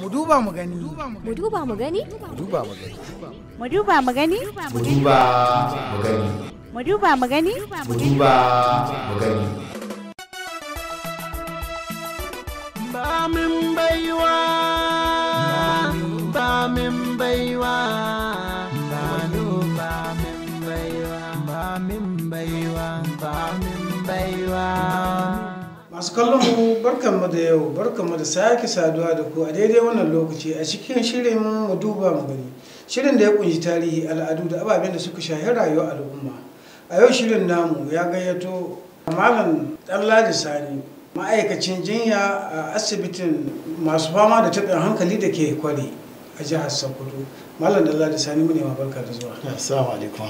Muduba duba mu gani. Muduba duba mu gani? Muduba duba mu gani. Muduba duba mu gani? Mu mu gani. Mu mu gani? Mu mu gani. Ba min baiwa, ba min baiwa, ba ba min baiwa, ba min baiwa, ba min baiwa. masu kallon mu mu da yau mu da sake saduwa da ku a daidai wannan lokaci a cikin shirin mu duba mu gani shirin da ya kunshi tarihi al'adu da ababen da suka shahi rayuwar al'umma a yau shirin namu ya gayyato malam dan sani ma'aikacin jinya a asibitin masu fama da taɓin hankali da ke kwari a jihar sokoto malam dan sani mu ne ma barka da zuwa assalamu alaikum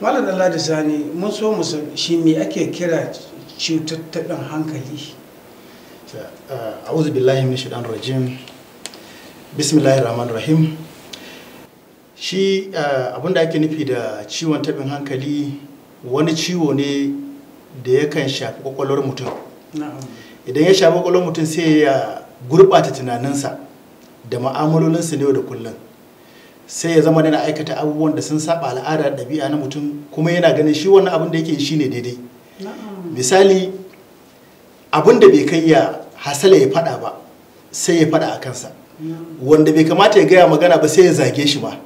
malam Allah da sani mun so mu shi me ake kira cututtukan hankali a'udhu billahi min shaitan rajim bismillahir rahmanir rahim shi abin da ake nufi da ciwon tabin hankali wani ciwo ne da yakan shafi kwakwalwar mutum idan ya shafi kwakwalwar mutum sai ya gurɓata tunaninsa da ma'amalolinsa ne da kullum sai ya zama yana aikata abubuwan da sun saba al'ada da ɗabi'a na mutum kuma yana ganin shi wannan abin da yake shi ne daidai misali abin da bai kai ya hasala ya faɗa ba sai ya faɗa a kansa wanda bai kamata ya gaya magana ba sai ya zage shi ba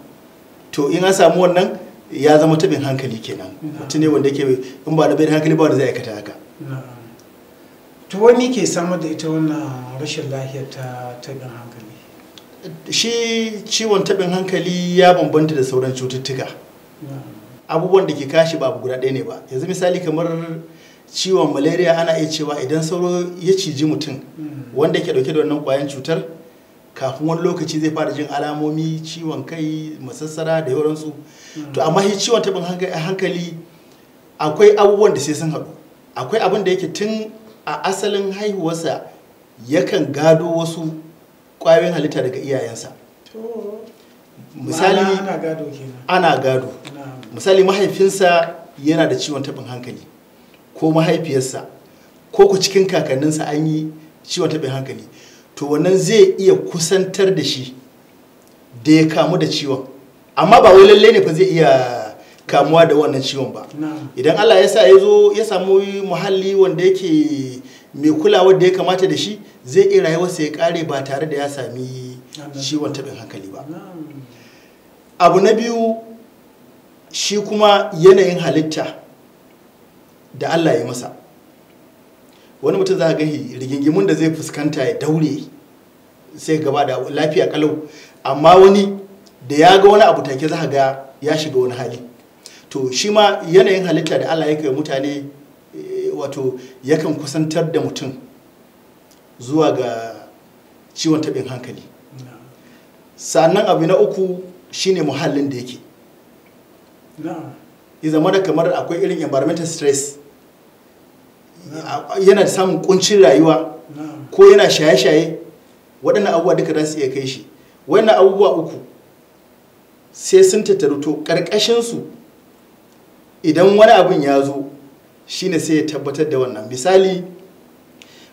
to in an samu wannan ya zama tabin hankali kenan mutum ne wanda yake in ba da bai hankali ba wanda zai aikata haka to wani ke samar da ita wannan rashin lafiya ta tabin hankali shi ciwon taɓin hankali ya bambanta da sauran cututtuka abubuwan da ke kashi babu guda ɗaya ne ba yanzu misali kamar ciwon malaria ana iya cewa idan sauro ya ciji mutum wanda ke ɗauke da wannan ƙwayan cutar kafin wani lokaci zai fara jin alamomi ciwon kai masassara da yawansu to amma shi ciwon taɓin hankali akwai abubuwan da sai sun haɗu akwai abin da yake tun a asalin haihuwarsa yakan gado wasu kwayoyin halitta daga iyayensa misali ana gado misali mahaifinsa yana da ciwon taɓin hankali ko mahaifiyarsa ko ku cikin kakanninsa an yi ciwon taɓin hankali to wannan zai iya kusantar da shi da ya kamu da ciwon amma ba wai lallai ne fa zai iya kamuwa da wannan ciwon ba idan allah ya sa ya zo ya samu muhalli wanda yake mai kulawa da ya kamata da shi zai iya rayuwarsa ya kare ba tare da ya sami ciwon tabin hankali ba abu na biyu shi kuma yanayin halitta da allah ya masa wani mutum za a gani rigingimun da zai fuskanta ya daure sai gaba da lafiya kalau amma wani da ya ga wani abu take za ga ya shiga wani hali to shi ma yanayin halitta da allah ya kai mutane eh, wato yakan kusantar da mutum zuwa ga ciwon taɓin hankali sannan abu na uku shine muhallin da yake ya zama da kamar akwai irin environmental stress yana samun kuncin rayuwa ko yana shaye-shaye waɗannan abubuwa duka za su iya kai shi wannan abubuwa uku sai sun tattaru to ƙarƙashinsu idan wani abin ya zo shine sai ya tabbatar da wannan misali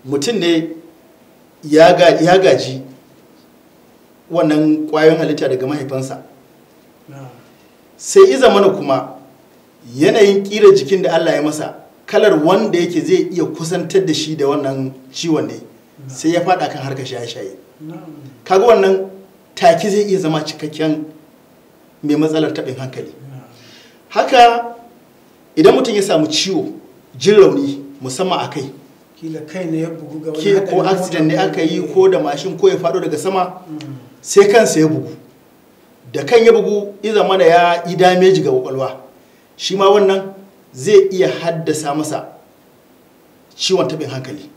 mutum ne ya gaji wannan kwayoyin halitta daga mahaifansa sai iza mana kuma yanayin ƙira jikin da Allah ya masa kalar wanda yake zai iya kusantar da shi da wannan ciwon ne sai ya fada kan harkar shaye-shaye kaga wannan taki zai iya zama cikakken mai matsalar taɓin hankali haka idan mutum ya samu ciwo jin rauni musamman a kai kila kai ne bugu ga wani ko accident ne aka yi ko da mashin ko ya faɗo daga sama mm. sai kansa ya bugu da kan ya bugu iza mana ya yi damage ga kwakwalwa shi ma wannan zai iya haddasa masa ciwon taɓin hankali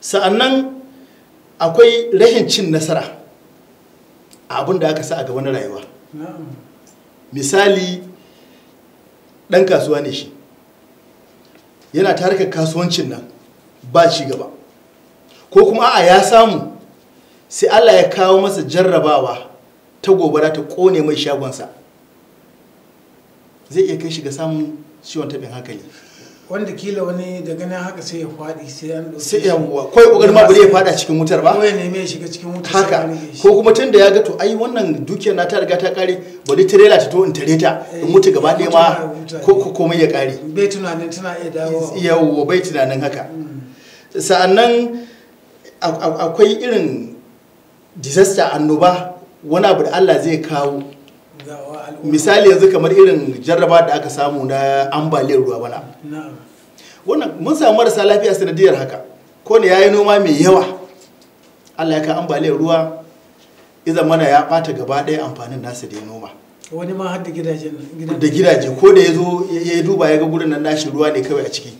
sa'annan akwai rashin cin nasara a abin da aka sa a na rayuwa misali ɗan kasuwa ne shi yana ta kasuwancin nan ba ci gaba ko kuma a ya samu sai Allah ya kawo masa jarrabawa ta gobara ta kone mai shagonsa zai iya kai shi ga samun ciwon taɓin hankali wanda kila wani da ganin haka sai ya fadi sai an ɗauke sai yawwa kai kokarin ma bare ya fada cikin wutar ba wai ne mai shiga cikin wutar haka ko kuma tunda ya ga to ai wannan dukiyar na ta riga ta kare bari trailer ta to in tare ta in eh, mutu gaba ɗaya ma ko ko komai ya kare bai tunanin tana iya dawo yawwa bai tunanin haka mm. sa'annan akwai irin disaster annoba wani abu da Allah zai kawo misali yanzu kamar irin jarraba da aka samu na ambaliyar ruwa bana wannan mun samu marasa lafiya sanadiyar haka ko ne yayi noma mai yawa Allah ya ka ambaliyar ruwa idan mana ya bata gaba ɗaya amfanin nasa da ya noma wani ma har da gidaje da gidaje ko da ya zo ya duba ya ga gurin nan nashi ruwa ne kawai a ciki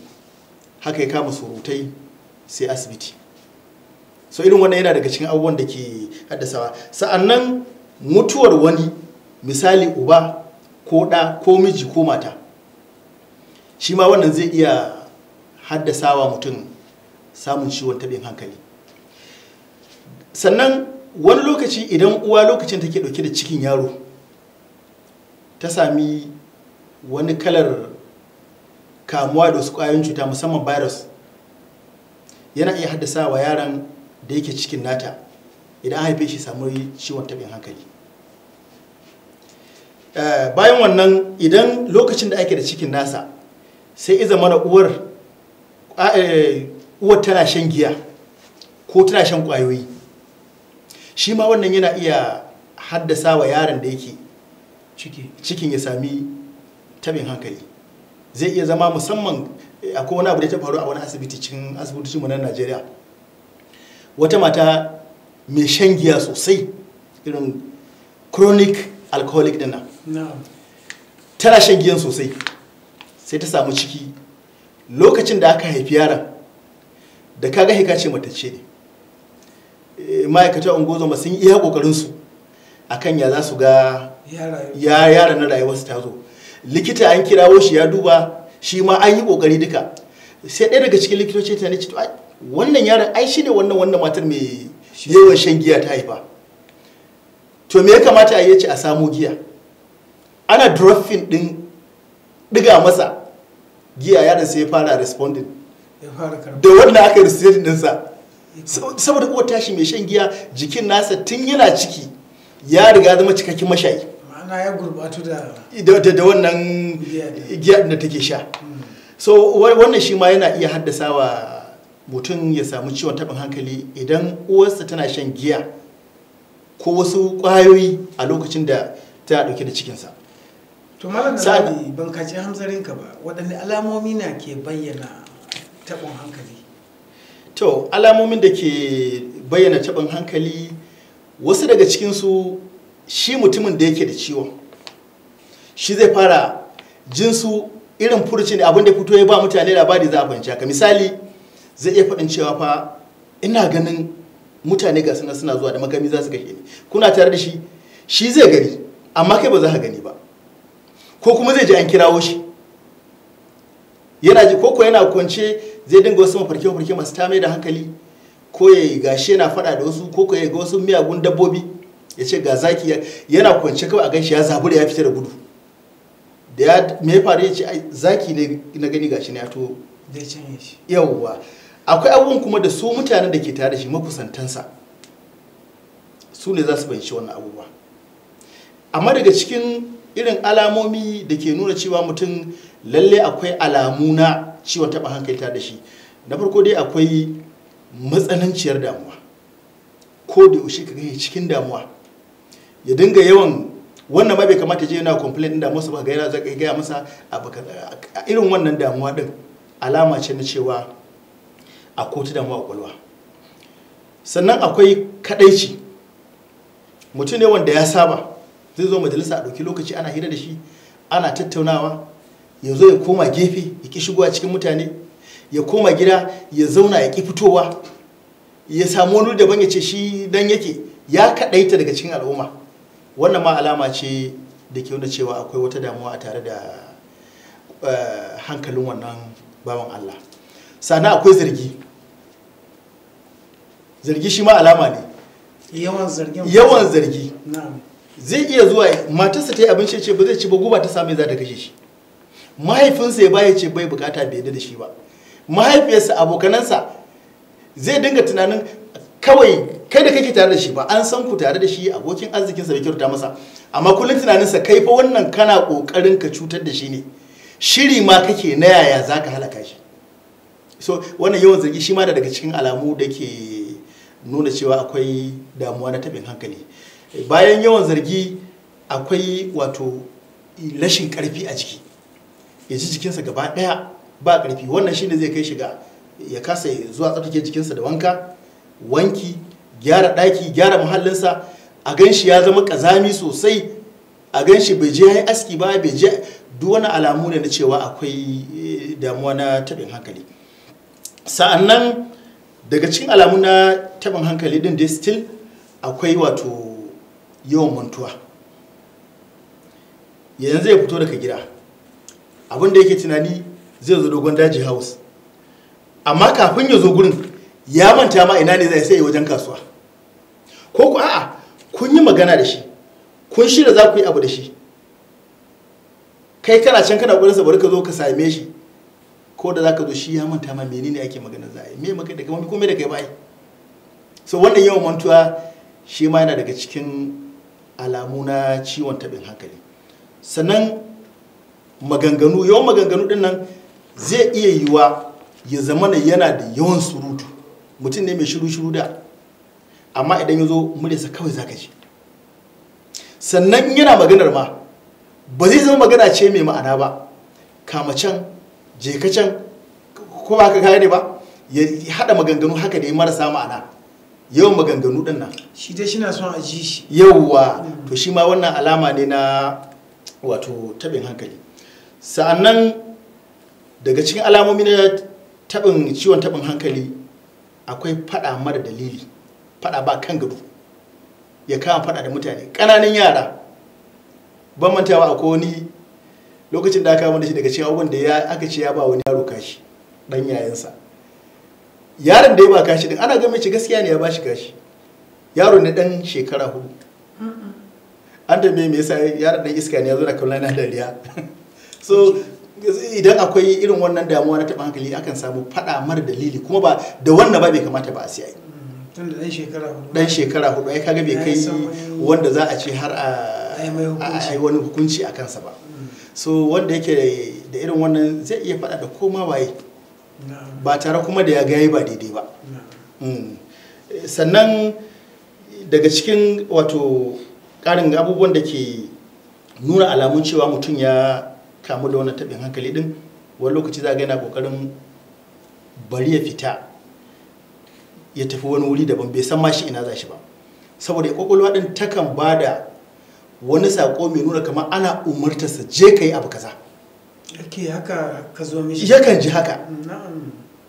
haka ya kama surutai sai asibiti so irin wannan yana daga cikin abubuwan da ke haddasawa sa'annan mutuwar wani misali uba ko ɗa ko miji ko mata shi ma wannan zai iya haddasawa mutum samun ciwon taɓin hankali sannan wani lokaci idan uwa lokacin take ɗauke da cikin yaro ta sami wani kalar kamuwa da wasu ƙwayoyin cuta musamman virus yana iya haddasa wa yaron da yake cikin nata idan haife shi samu ciwon taɓin hankali Eh, bayan wannan idan lokacin da ake da cikin nasa sai iza mana uwar eh, uwar tana shan giya ko tana shan kwayoyi shi ma wannan yana iya haddasa wa yaron da yake cikin ya sami tabin hankali zai iya zama musamman eh, akwai wani abu da ta faru a wani asibiti cikin asibitocin mu na Najeriya wata mata mai shan giya sosai irin chronic alcoholic dinner tana shan giyan sosai sai ta samu ciki lokacin da aka haifi yaron da kaga hika ce matacce ne eh, ma'aikatan ungozoma sun iya kokarinsu kan ya za su ga yara na rayuwarsu ta zo likita an kirawo shi ya duba shi ma an yi kokari duka sai ɗaya daga cikin likitoci ta ne ce wannan yaron ai shi ne wannan wannan matar mai yawan shan giya ta haifa to me ya kamata a yi ce a samo giya ana drafin din diga masa giya ya da sai ya fara responding da wannan aka yi dinsa saboda uwar tashi mai shan giya jikin nasa tun yana ciki ya riga zama cikakken mashayi ma'ana ya gurbatu da da wannan giya da take sha hmm. so wannan shi ma yana iya haddasa wa mutum ya samu ciwon taɓin hankali idan uwarsa tana shan giya ko wasu ƙwayoyi a lokacin da ta ɗauke da cikinsa to malam sadi ban kaji hamzarin ka ba waɗanne alamomi na ke bayyana hankali to alamomin da ke bayyana taɓin hankali wasu daga cikinsu shi mutumin da yake da ciwon shi zai fara jinsu irin furucin da abin da fito ya ba mutane labari za a fahimci ka misali zai iya faɗin cewa fa ina ganin mutane ga suna suna zuwa da magami za su kashe ni kuna tare da shi shi zai gani amma kai ba za ka gani ba ko kuma zai je an kirawo shi yana ji yana kwance zai dinga wasu mafarke mafarki masu tamai da hankali ko ya yi gashi yana faɗa da wasu Ko ya ga wasu miyagun dabbobi ya ce ga zaki yana kwance kawai a shi ya zabura ya fita da gudu da ya me faru ya ce zaki ne na gani gashi ne ya to zai canye shi yawwa akwai abubuwan kuma da su mutanen da ke tare da shi makusantansa su ne za su fahimci wannan abubuwa amma daga cikin irin alamomi da ke nuna cewa mutum lalle akwai alamu na ciwon taba hankali ta da shi na farko dai akwai matsananciyar damuwa ko da yaushe ka gani cikin damuwa ya dinga yawan wannan ma bai kamata je yana complain da musu ba ga yana zaka gaya masa a irin wannan damuwa din alama ce na cewa a kotu damuwa a kwalwa sannan akwai kadaici mutum ne wanda ya saba zai zo majalisa a ɗauki lokaci ana hira da shi ana tattaunawa ya zo ya koma gefe ya ƙi shigowa cikin mutane ya koma gida ya zauna ya ƙi fitowa ya samu wani daban ya ce shi dan yake ya kaɗaita daga cikin al'umma wannan ma alama ce da ke nuna cewa akwai wata damuwa a tare da eh, hankalin wannan bawan Allah sannan akwai zargi zargi shi ma alama ne yawan zargi zai iya zuwa matarsa ta yi abinci ce ba zai ci ba guba ta same za ta kashe shi mahaifinsa ya baya ce bai bukata bai da shi ba mahaifiyarsa abokanansa zai dinga tunanin kawai kai da kake tare da shi ba an san ku tare da shi abokin arzikin sa bai kyauta masa amma kullum tunanin sa kai fa wannan kana kokarin ka cutar da shi ne shiri ma kake na yaya za ka halaka shi so wannan yawan zargi shi ma daga cikin alamu da ke nuna cewa akwai damuwa na tabin hankali bayan yawan zargi akwai wato rashin karfi a ciki ya ji jikinsa gaba daya ba karfi wannan shine zai kai shiga ya kasa zuwa tsarkake jikinsa da wanka wanki gyara daki gyara muhallinsa a gan shi ya zama kazami sosai a gan shi bai je yayi aski ba bai je duk wani alamu ne na cewa akwai eh, damuwa na tabin hankali sa'annan daga cikin alamu na tabin hankali din dai still akwai wato yawan mantuwa yanzu zai fito daga gida abinda yake tunani zai zo dogon daji house amma kafin ya zo gurin ya manta ma ina ne zai sai wajen kasuwa ko ku a'a kun yi magana da shi kun shirya za ku yi abu da shi kai kana can kana gurin sa bari ka zo ka same shi ko da za ka zo shi ya manta ma menene ake magana za a yi me maka da kamar komai da kai bai so wannan yawan mantuwa shi ma yana daga cikin alamu na ciwon taɓin hankali sannan maganganu yawan maganganu ɗin nan zai iya yiwa ya zama na yana da yawan surutu mutum ne mai shiru-shiru da amma idan ya zo muryarsa kawai za ka ji sannan yana maganar ma ba zai zama magana ce mai ma'ana ba kama can je ka can ko ba ka kaya ba ya haɗa maganganu haka da yi marasa ma'ana yawan maganganu ɗin nan shi dai shina son a ji shi yawwa to shi ma wannan alama ne na wato tabin hankali sa'annan daga cikin alamomi na tabin ciwon tabin hankali akwai fada mara dalili fada ba kan gado ya kama fada da mutane ƙananan yara ban mantawa a wani lokacin da aka kama da shi daga cewa wanda aka ce ya ba wani yaro kashi dan yayansa yaron da ya ba kashi din ana ga shi gaskiya ne ya ba shi kashi yaro ne dan shekara hudu an da me yasa yaron dan iska ne ya zo da kallon na dariya so idan akwai irin wannan damuwa na taɓa hankali akan samu faɗa mara dalili kuma ba da wannan ba bai kamata ba a siya dan shekara hudu ai kaga bai kai wanda za a ce har a yi wani hukunci a kansa ba mm. so wanda yake da irin wannan zai iya faɗa da koma waye ba tare kuma da ya ga ba daidai ba mm. sannan daga cikin wato karin abubuwan da ke nuna alamun cewa mutum ya kamu da wani taɓin hankali din wani lokaci za ga yana ƙoƙarin bari ya fita ya tafi wani wuri daban bai san ma shi ina za shi ba saboda ya ƙwaƙwalwa ɗin takan ba da wani saƙo mai nuna kamar ana umartarsa je ka yi abu kaza. haka ka zo mishi yakan ji haka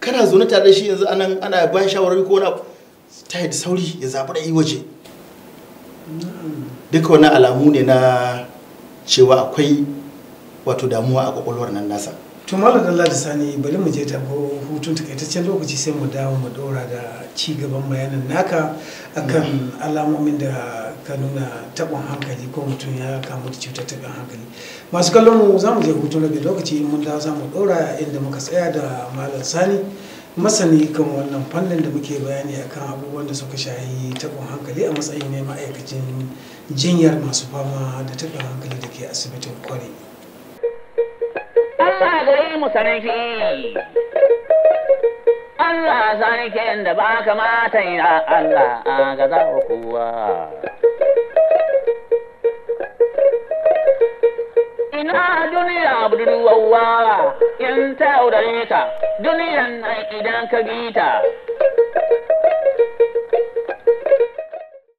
kana zaune tare da shi yanzu anan ana ba shawarwari ko wani ta yi sauri ya zaɓi da yi waje duka wani alamu ne na cewa akwai wato damuwa a kwakwalwar nan nasa to malam Allah da sani bari mu je tabo hutun takaitaccen lokaci sai mu dawo mu dora da ci gaban bayanan naka akan mm. alamomin da ka nuna taɓin hankali ko mutum ya kamu da cutar taɓin hankali masu kallon mu za mu je hutu na lokaci mun da za mu ɗora inda muka tsaya da malam sani masani kan wannan fannin da muke bayani akan abubuwan da suka shahi taɓin hankali a matsayin ne ma'aikacin jinyar masu fama da taɓin hankali da ke asibitin kwari. Allah gare mu sanin Allah ke da ba kamata ya Allah a gaza kowa. Ina duniya budurwawa in taurare ta duniyan nan idan ka gita.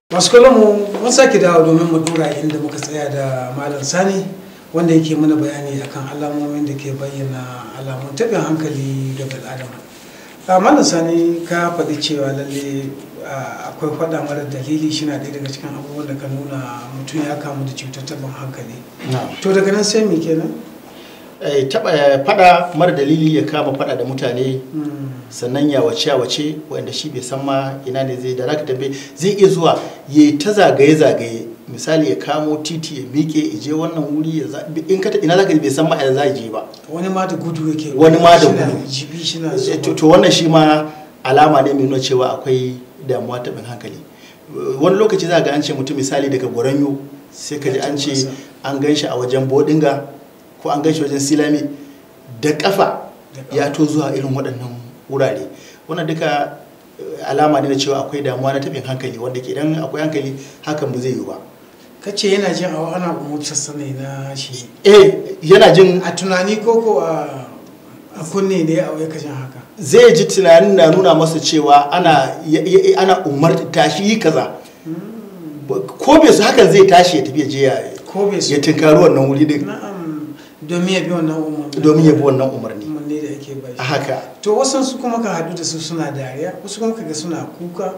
ta. mun sake dawo domin mu dora inda muka tsaya da Malam Sani wanda yake mana bayani akan alamomin da ke bayyana alamun taɓin hankali ga bil'adama. manan sani ka faɗi cewa lalle akwai faɗa mara dalili shina ɗaya daga cikin abubuwan da ka nuna mutum ya kamu da cutar taɓin hankali to daga nan sai me kenan eh, taɓa faɗa mara dalili ya kama faɗa da mutane hmm. sannan ya wace ya wace wanda shi bai san ma ina ne zai da zai iya zuwa ya ta zagaye zagaye misali ya kamo titi ya miƙe ya je wannan wuri ya in ka ina zaka bai san ya za je ba wani ma da gudu yake wani ma da gudu jibi shi na eh, to wannan shi ma alama ne mai nuna cewa akwai damuwa ta bin hankali wani lokaci za ga an ce mutum misali daga goranyo sai ka ji an ce an gan shi a wajen bodinga ko an gan shi wajen silami da kafa ya to zuwa irin waɗannan wurare wannan duka eh, alama ne na cewa akwai damuwa na taɓin hankali wanda ke idan akwai hankali hakan ba zai yi ba ka ce yana jin awa ana motarsa sanai na shi eh yana jin a tunani ko ko a a kunne ne a wai kashin haka zai ji tunanin na nuna masa cewa ana ana umar tashi yi kaza hmm. ko bai su hakan zai tashi ya tafi ya je ya tunkari wannan wuri din domin ya bi wannan umarni domin ya bi wannan umarni umarni da yake bai haka to su kuma ka hadu da su suna dariya wasu kuma ka ga suna kuka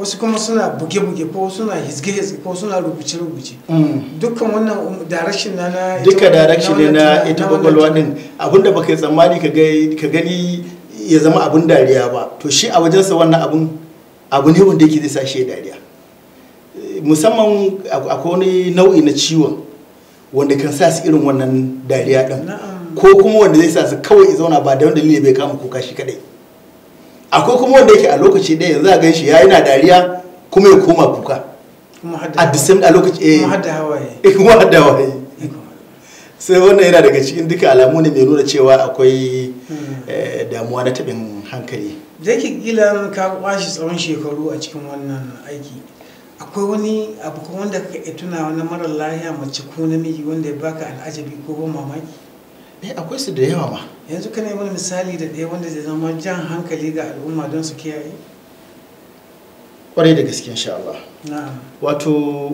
wasu kuma suna buge-buge ko suna hizge-hizge ko suna rubuce-rubuce dukkan wannan um, direction na na duka direction ne na ita kwakwalwa din abinda baka yi tsammani ka gani ya zama abin dariya ba to shi a wajensa wannan abin abu ne wanda yake zai sa shi dariya musamman akwai wani nau'i na ciwon wanda kan sa su irin wannan dariya din ko kuma wanda zai sa su kawai zauna ba da wanda ne bai kama kuka shi kadai akwai kuma wanda yake a lokaci ɗaya yanzu a gan shi ya yana dariya kuma ya koma kuka a the a lokaci eh kuma hada hawaye kuma hadda sai wannan yana daga cikin duka alamu ne mai nuna cewa akwai hmm. eh, damuwa na taɓin hankali da yake gila ka kwashi tsawon shekaru a cikin wannan aiki akwai wani abu kuma wanda ka iya tuna wani marar lahiya mace ko namiji wanda ya baka al'ajabi ko ba mamaki eh, akwai su da yawa ma yanzu ka nemi misali da ɗaya wanda zai zama jan hankali ga al'umma don su kiyaye ƙwarai da gaske insha Allah wato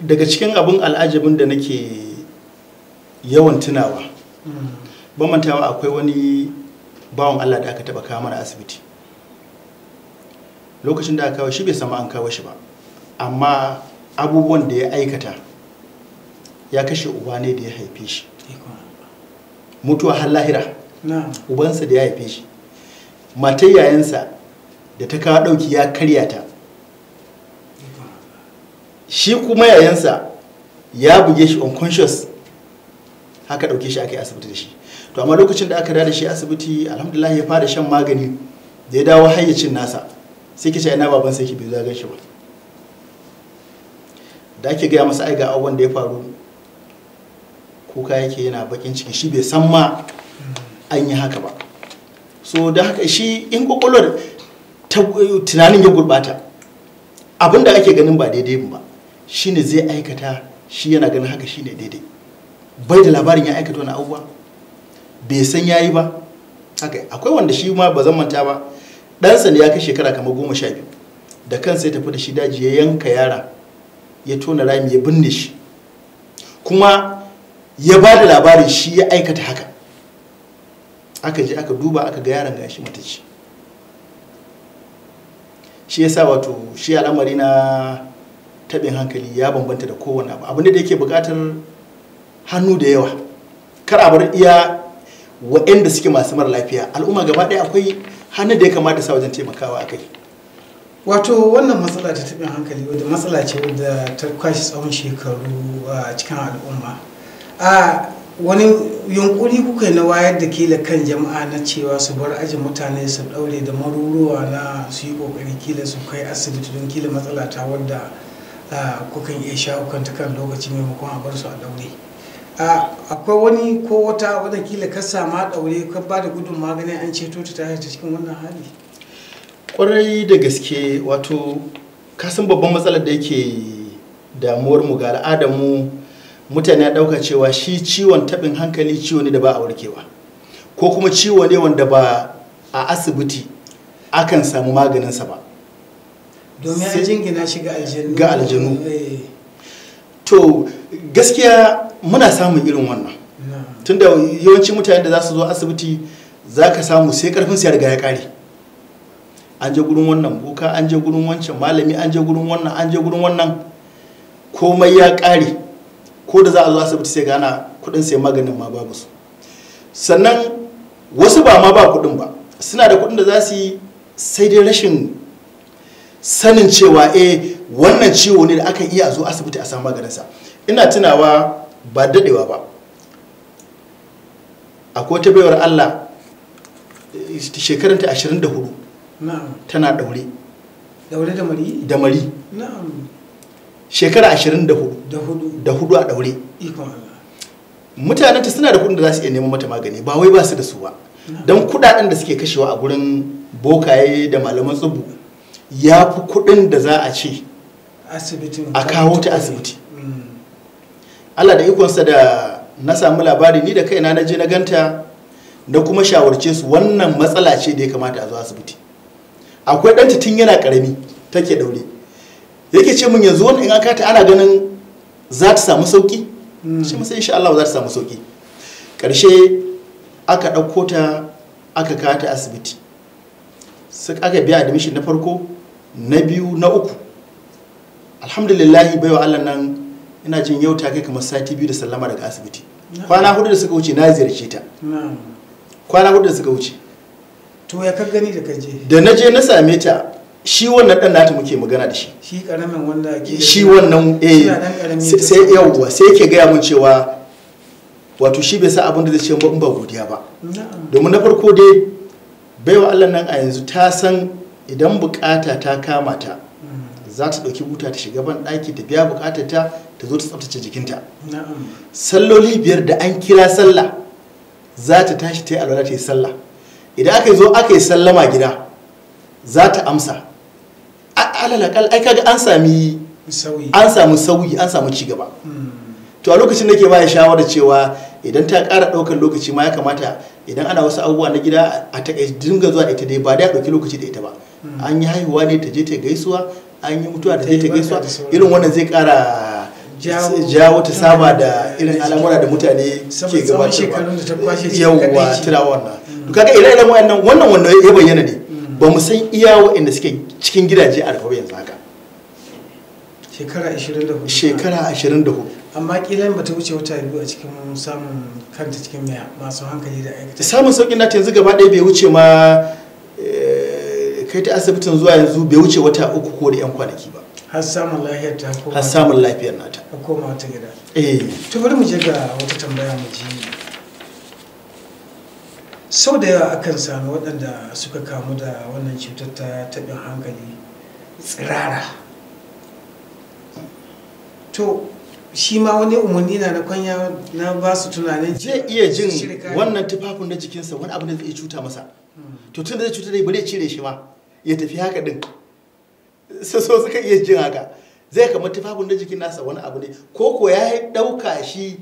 daga cikin abin al'ajabin da nake yawan tunawa hmm. ban mantawa akwai wani bawan Allah da aka taba kawo mana asibiti lokacin da aka kawo shi bai sama an kawo shi ba amma abubuwan da ya aikata ya kashe uba ne da ya haife shi mutuwa har lahira ubansa da ya haife shi matar yayansa da ta kawo ɗauki ya karya ta shi kuma yayansa ya buge shi unconscious haka ɗauke shi aka asibiti da shi to amma lokacin da aka da shi asibiti alhamdulillah ya fara shan magani da ya dawo hayyacin nasa sai kice ina baban sai ki bai zagan shi ba da ake gaya masa ai ga abubuwan da ya faru kuka yake yana bakin ciki shi bai san ma an yi haka ba so da haka shi in kwakwalwar tunanin ya gurbata abinda ake ganin ba daidai ba shi ne zai aikata shi yana ganin haka shi ne daidai bai da labarin ya aikata wani abubuwa bai san ya yi ba haka akwai wanda shi ma ba zan manta ba ɗansa ne ya kai shekara kamar goma sha biyu da kansa ya tafi da shi daji ya yanka yara ya tona rami ya binne shi kuma ya ba da labari shi ya aikata haka aka je aka duba aka ga yaron gashi mata ce shi sa wato shi al'amari na taɓin hankali ya bambanta da kowane abu abinda da yake buƙatar hannu da yawa kar a bar iya wa'inda suke masu mara lafiya al'umma gaba ɗaya akwai hannu da ya kamata sa wajen taimakawa a kai wato wannan matsala ta taɓin hankali wadda matsala ce wadda ta kwashe tsawon shekaru a ah, cikin al'umma a wani yunkuri kuka na wayar da kila kan jama'a na cewa su bar ajin mutane su daure da maruruwa na su yi kokari kila su kai asibiti don kila matsala ta wadda kukan iya shawo kanta kan lokaci maimakon a bar su a daure akwai wani ko wata wadda kila ka sama daure ka ba da gudun magani an ceto ta tashi ta cikin wannan hali kwarai da gaske wato kasan babban matsalar da yake damuwar mu ga al'adar mu mutane ya ɗauka cewa shi ciwon taɓin hankali ciwo ne da ba a warkewa ko kuma ciwo ne wanda ba a asibiti akan samu maganinsa ba domin ya jingina shi ga aljanu ga aljanu eh. to gaskiya muna samun irin wannan tunda yawancin mutane da za su zo asibiti za ka samu sai karfin ya riga ya kare an je gurin wannan buka an je gurin wancan malami an je gurin wannan an je gurin wannan komai ya kare ko da za a zo asibiti sai gana kudin sai maganin ma babu su sannan wasu ba ma ba kudin ba suna da kudin da za su yi sai dai rashin sanin cewa eh wannan ciwo ne da aka iya zo asibiti a samu sa ina tunawa ba dadewa ba akwai ta baiwar allah ta 24 tana daure daure da mari da mari shekara ashirin da hudu a daure mutanen suna da kudin da za su iya neman mata magani ba wai ba su da su ba don kudaden da suke kashewa a gurin bokaye da malaman tsubu ya fi kudin da za a ce a kawo ta asibiti mm. Allah da ikonsa da na samu labari ni da kaina na je na ganta na kuma shawarce su wannan matsala ce da ya kamata a zo asibiti akwai ɗanta tun yana ƙarami take daure yake ce min yanzu wani in aka ta ana ganin za ta samu sauki hmm. shi masa insha Allah za ta samu sauki karshe aka ɗauko ta aka kawo ta asibiti su aka biya admission na farko na biyu na uku alhamdulillahi wa Allah nan ina jin yau ta kai kamar sati biyu da sallama daga asibiti kwana hudu da suka wuce na ziyarce ta kwana hudu da suka wuce to ya ka gani da kaje da na je na same ta shi wannan dan nata muke magana da shi shi karamin wanda ke shi wannan eh sai yawwa sai yake gaya mun cewa wato shi bai sa abin da zai ce ba in ba godiya ba domin na farko dai baiwa Allah nan a yanzu ta san idan bukata ta kama ta mm. za ta ɗauki buta ta shiga ban ɗaki ta biya bukatar ta ta zo ta tsaftace jikinta salloli biyar da an kira sallah za ta tashi ta yi alwala ta yi sallah idan aka zo aka yi sallama gida za ta amsa alal akal ai kaga an sami an samu sauyi an samu ci gaba hmm. to a lokacin nake ba ya shawara cewa idan ta kara ɗaukar lokaci ma ya kamata idan ana wasu abubuwa na gida a ta dinga zuwa ita dai ba da a ɗauki lokaci da ita ba hmm. an yi haihuwa ne ta je ta gaisuwa an yi mutuwa ta je ta gaisuwa irin wannan zai ƙara jawo ta saba da irin al'amura da mutane ke gabatarwa yawwa tunawa wannan to hmm. kaga ire-iren wannan wannan wannan ya bayyana ne ba mu san iya waɗanda suke cikin gidaje a rafa yanzu haka shekara 24 amma kilan ba ta wuce wata biyu a cikin samun kanta cikin masu hankali da aikata samun saukin nata yanzu gaba ɗaya bai wuce ma eh, kai ta asibitin zuwa yanzu bai wuce wata uku ko da yan kwanaki ba har samun lafiyar ta har samun lafiyar nata ko ma wata gida eh to bari mu je ga wata tambaya mu ji sau da yawa akan sami waɗanda suka kamu da wannan cutar ta taɓin hankali tsirara to shi ma wani umarni na na kwanya na ba su tunanin zai iya jin wannan tufafin na jikinsa wani abu da zai cuta masa hmm. to tun da zai cuta dai bari cire shi ma ya tafi haka din sai so suka iya jin haka zai kama tufafin na jikin nasa wani abu ne ko ko ya ɗauka shi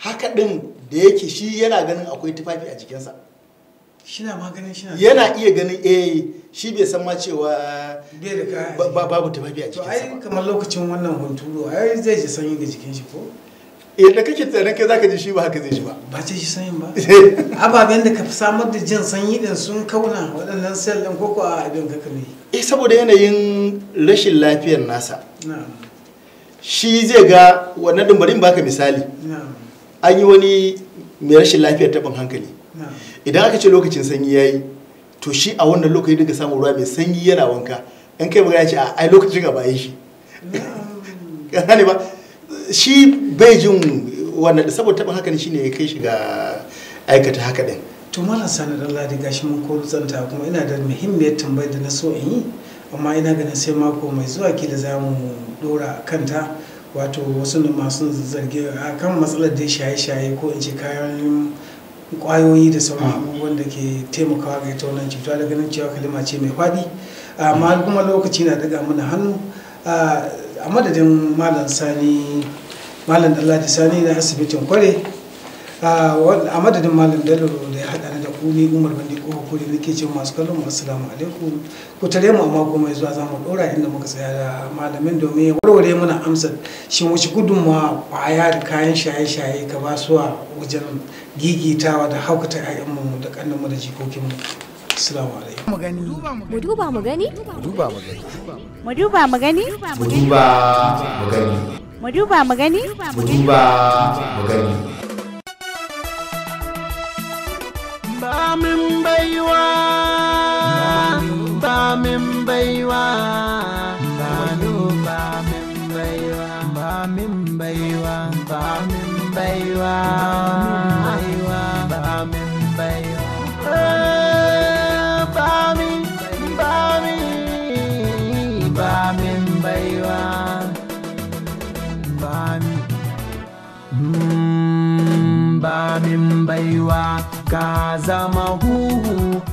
haka din da yake shi yana ganin akwai tufafi a jikinsa yana iya ganin eh shi bai san ma cewa babu tufafi a cikin sa ai kamar lokacin wannan hunturu ai zai ji sanyi ga jikin shi ko eh da kake tsaron kai zaka ji shi ba haka zai ji ba ba zai ji sanyin ba eh. ababen da ka samar da jin sanyi din sun kauna waɗannan sel din ko a abin ka kame eh saboda yanayin rashin lafiyar nasa shi zai ga wannan dumbarin baka misali an yi wani mai rashin lafiyar taɓin hankali idan aka ce lokacin sanyi ya yi to shi a wannan lokacin daga samun ruwa mai sanyi yana wanka in kai magana ce a ai lokacin a bayan shi ne ba shi bai jin wannan da saboda taɓa haka ne kai shi ga aikata haka ɗin to mara sani ga ladi gashi mun ko zanta kuma ina da muhimmiyar tambayar da na so in yi amma ina ganin sai mako mai zuwa kila za mu dora kanta wato wasu masu zargi kan matsalar da shaye-shaye ko in ce kayan kwayoyi da sauran abubuwan da ke taimakawa ga ita wannan cuta da ganin cewa kalima ce mai faɗi amma kuma lokaci na daga mana hannu a madadin malam sani malam dallaji sani na asibitin kware a madadin malam dalo da ya haɗa ni umar bandi ko hakuri nake ce masu kallon mu assalamu alaikum ku tare mu amma kuma zuwa za mu dora inda muka tsaya da malamin domin ya warware mana amsar shin wace gudunmawa kwaya da kayan shaye-shaye ka ba su a wajen gigitawa da haukata 'ya'yanmu da kannanmu da jikokinmu Assalamu alaikum. Mu gani. Mu duba mu gani. Mu duba mu gani. Mu duba mu gani. Mu duba mu gani. Mu duba mu gani. Mu duba mu gani. baiwa ba min baiwa ba no ba min baiwa ba min baiwa ba min baiwa baiwa ba min baiwa eh, ba min ba min ba min baiwa ba hmm, min ba min baiwa casa zama huhu